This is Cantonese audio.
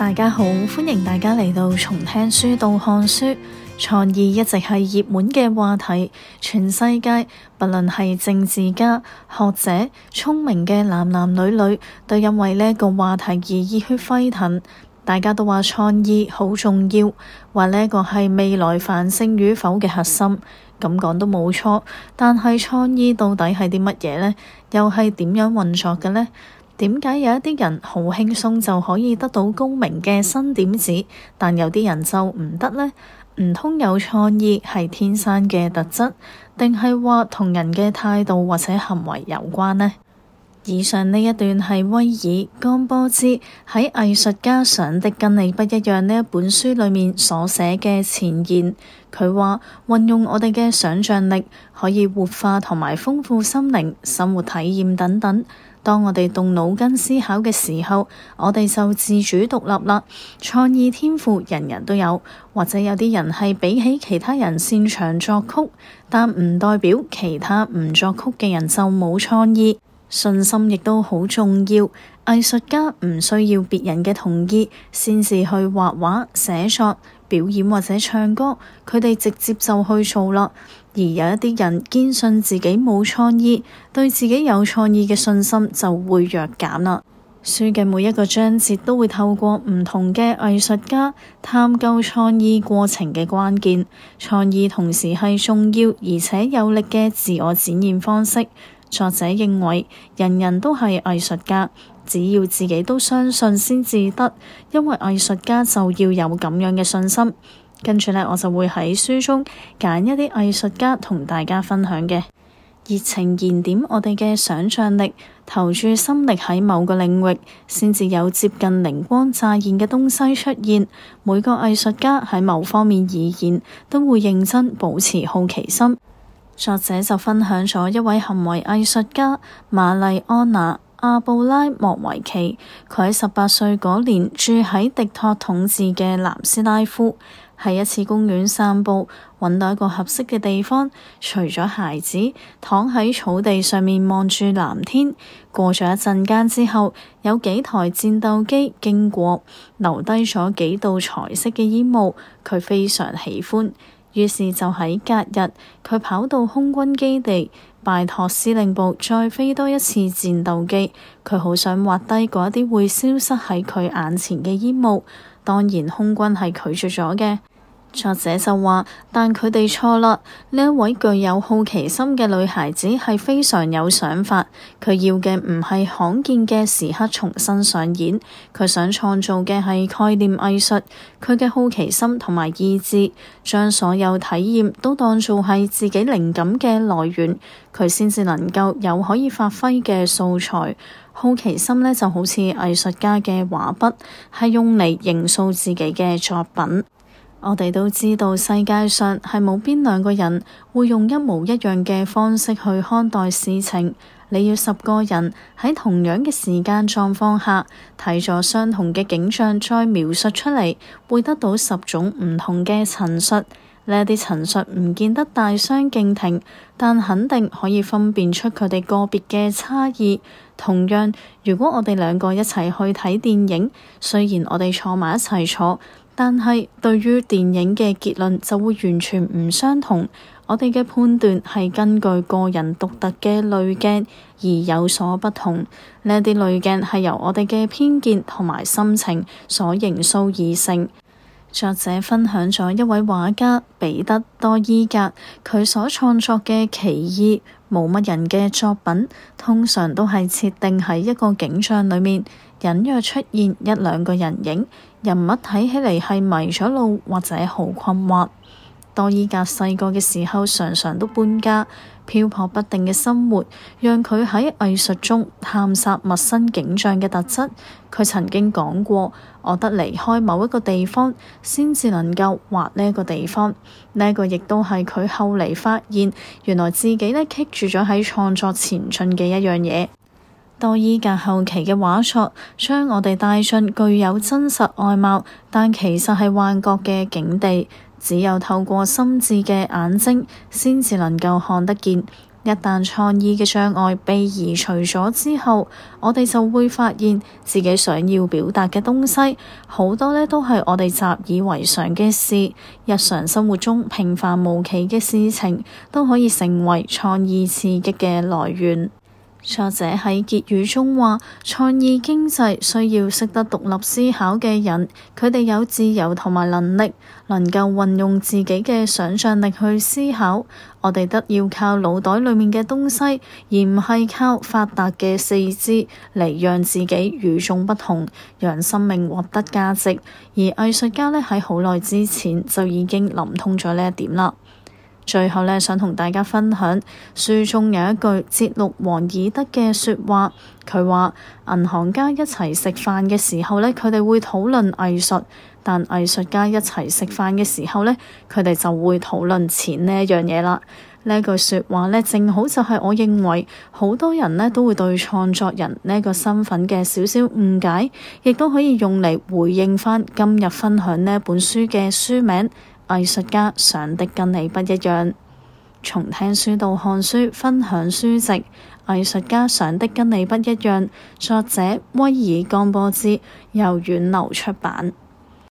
大家好，歡迎大家嚟到從聽書到看書，創意一直係熱門嘅話題。全世界不論係政治家、學者、聰明嘅男男女女，都因為呢個話題而熱血沸騰。大家都話創意好重要，話呢個係未來繁盛與否嘅核心。咁講都冇錯，但係創意到底係啲乜嘢呢？又係點樣運作嘅呢？點解有一啲人好輕鬆就可以得到高明嘅新點子，但有啲人就唔得呢？唔通，有創意係天生嘅特質，定係話同人嘅態度或者行為有關呢？以上呢一段係威爾岡波茲喺《藝術家想的跟你不一樣》呢一本書裏面所寫嘅前言。佢話運用我哋嘅想象力，可以活化同埋豐富心靈、生活體驗等等。當我哋動腦筋思考嘅時候，我哋就自主獨立啦。創意天賦人人都有，或者有啲人係比起其他人擅長作曲，但唔代表其他唔作曲嘅人就冇創意。信心亦都好重要。藝術家唔需要別人嘅同意，先至去畫畫、寫作，表演或者唱歌，佢哋直接就去做啦。而有一啲人堅信自己冇創意，對自己有創意嘅信心就會弱減啦。書嘅每一個章節都會透過唔同嘅藝術家探究創意過程嘅關鍵。創意同時係重要而且有力嘅自我展現方式。作者認為，人人都係藝術家。只要自己都相信先至得，因為藝術家就要有咁樣嘅信心。跟住咧，我就會喺書中揀一啲藝術家同大家分享嘅熱情燃點，我哋嘅想象力投注心力喺某個領域，先至有接近靈光乍現嘅東西出現。每個藝術家喺某方面而言，都會認真保持好奇心。作者就分享咗一位行為藝術家瑪麗安娜、阿布拉莫維奇，佢喺十八歲嗰年住喺迪托統治嘅南斯拉夫，喺一次公園散步，搵到一個合適嘅地方，除咗鞋子，躺喺草地上面望住藍天。過咗一陣間之後，有幾台戰鬥機經過，留低咗幾道彩色嘅煙霧，佢非常喜歡。於是就喺隔日，佢跑到空軍基地，拜託司令部再飛多一次戰鬥機。佢好想畫低嗰啲會消失喺佢眼前嘅煙霧。當然，空軍係拒絕咗嘅。作者就話，但佢哋錯啦。呢一位具有好奇心嘅女孩子係非常有想法，佢要嘅唔係罕見嘅時刻重新上演，佢想創造嘅係概念藝術。佢嘅好奇心同埋意志，將所有體驗都當做係自己靈感嘅來源，佢先至能夠有可以發揮嘅素材。好奇心呢就好似藝術家嘅畫筆，係用嚟形塑自己嘅作品。我哋都知道世界上係冇邊兩個人會用一模一樣嘅方式去看待事情。你要十個人喺同樣嘅時間狀況下睇咗相同嘅景象，再描述出嚟，會得到十種唔同嘅陳述。呢一啲陳述唔見得大相徑庭，但肯定可以分辨出佢哋個別嘅差異。同樣，如果我哋兩個一齊去睇電影，雖然我哋坐埋一齊坐。但係，對於電影嘅結論就會完全唔相同。我哋嘅判斷係根據個人獨特嘅濾鏡而有所不同。呢啲濾鏡係由我哋嘅偏見同埋心情所形塑而成。作者分享咗一位畫家彼得多伊格，佢所創作嘅奇異冇乜人嘅作品，通常都係設定喺一個景象裏面，隱約出現一兩個人影。人物睇起嚟係迷咗路或者好困惑。多伊格細個嘅時候，常常都搬家，漂泊不定嘅生活，讓佢喺藝術中探索陌生景象嘅特質。佢曾經講過，我得離開某一個地方，先至能夠畫呢一個地方。呢一個亦都係佢後嚟發現原來自己咧棘住咗喺創作前進嘅一樣嘢。多依格後期嘅畫作，將我哋帶進具有真實外貌，但其實係幻覺嘅境地。只有透過心智嘅眼睛，先至能夠看得見。一旦創意嘅障礙被移除咗之後，我哋就會發現自己想要表達嘅東西好多咧，都係我哋習以為常嘅事。日常生活中平凡無奇嘅事情，都可以成為創意刺激嘅來源。作者喺結語中話：創意經濟需要識得獨立思考嘅人，佢哋有自由同埋能力，能夠運用自己嘅想像力去思考。我哋得要靠腦袋裡面嘅東西，而唔係靠發達嘅四肢嚟讓自己與眾不同，讓生命獲得價值。而藝術家咧喺好耐之前就已經諗通咗呢一點啦。最後呢，想同大家分享書中有一句節錄王爾德嘅說話，佢話，銀行家一齊食飯嘅時候呢，佢哋會討論藝術，但藝術家一齊食飯嘅時候呢，佢哋就會討論錢呢一樣嘢啦。呢句說話呢，正好就係我認為好多人呢都會對創作人呢個身份嘅少少誤解，亦都可以用嚟回應翻今日分享呢本書嘅書名。藝術家想的跟你不一樣，從聽書到看書，分享書籍。藝術家想的跟你不一樣。作者：威爾·江波茲。由遠流出版。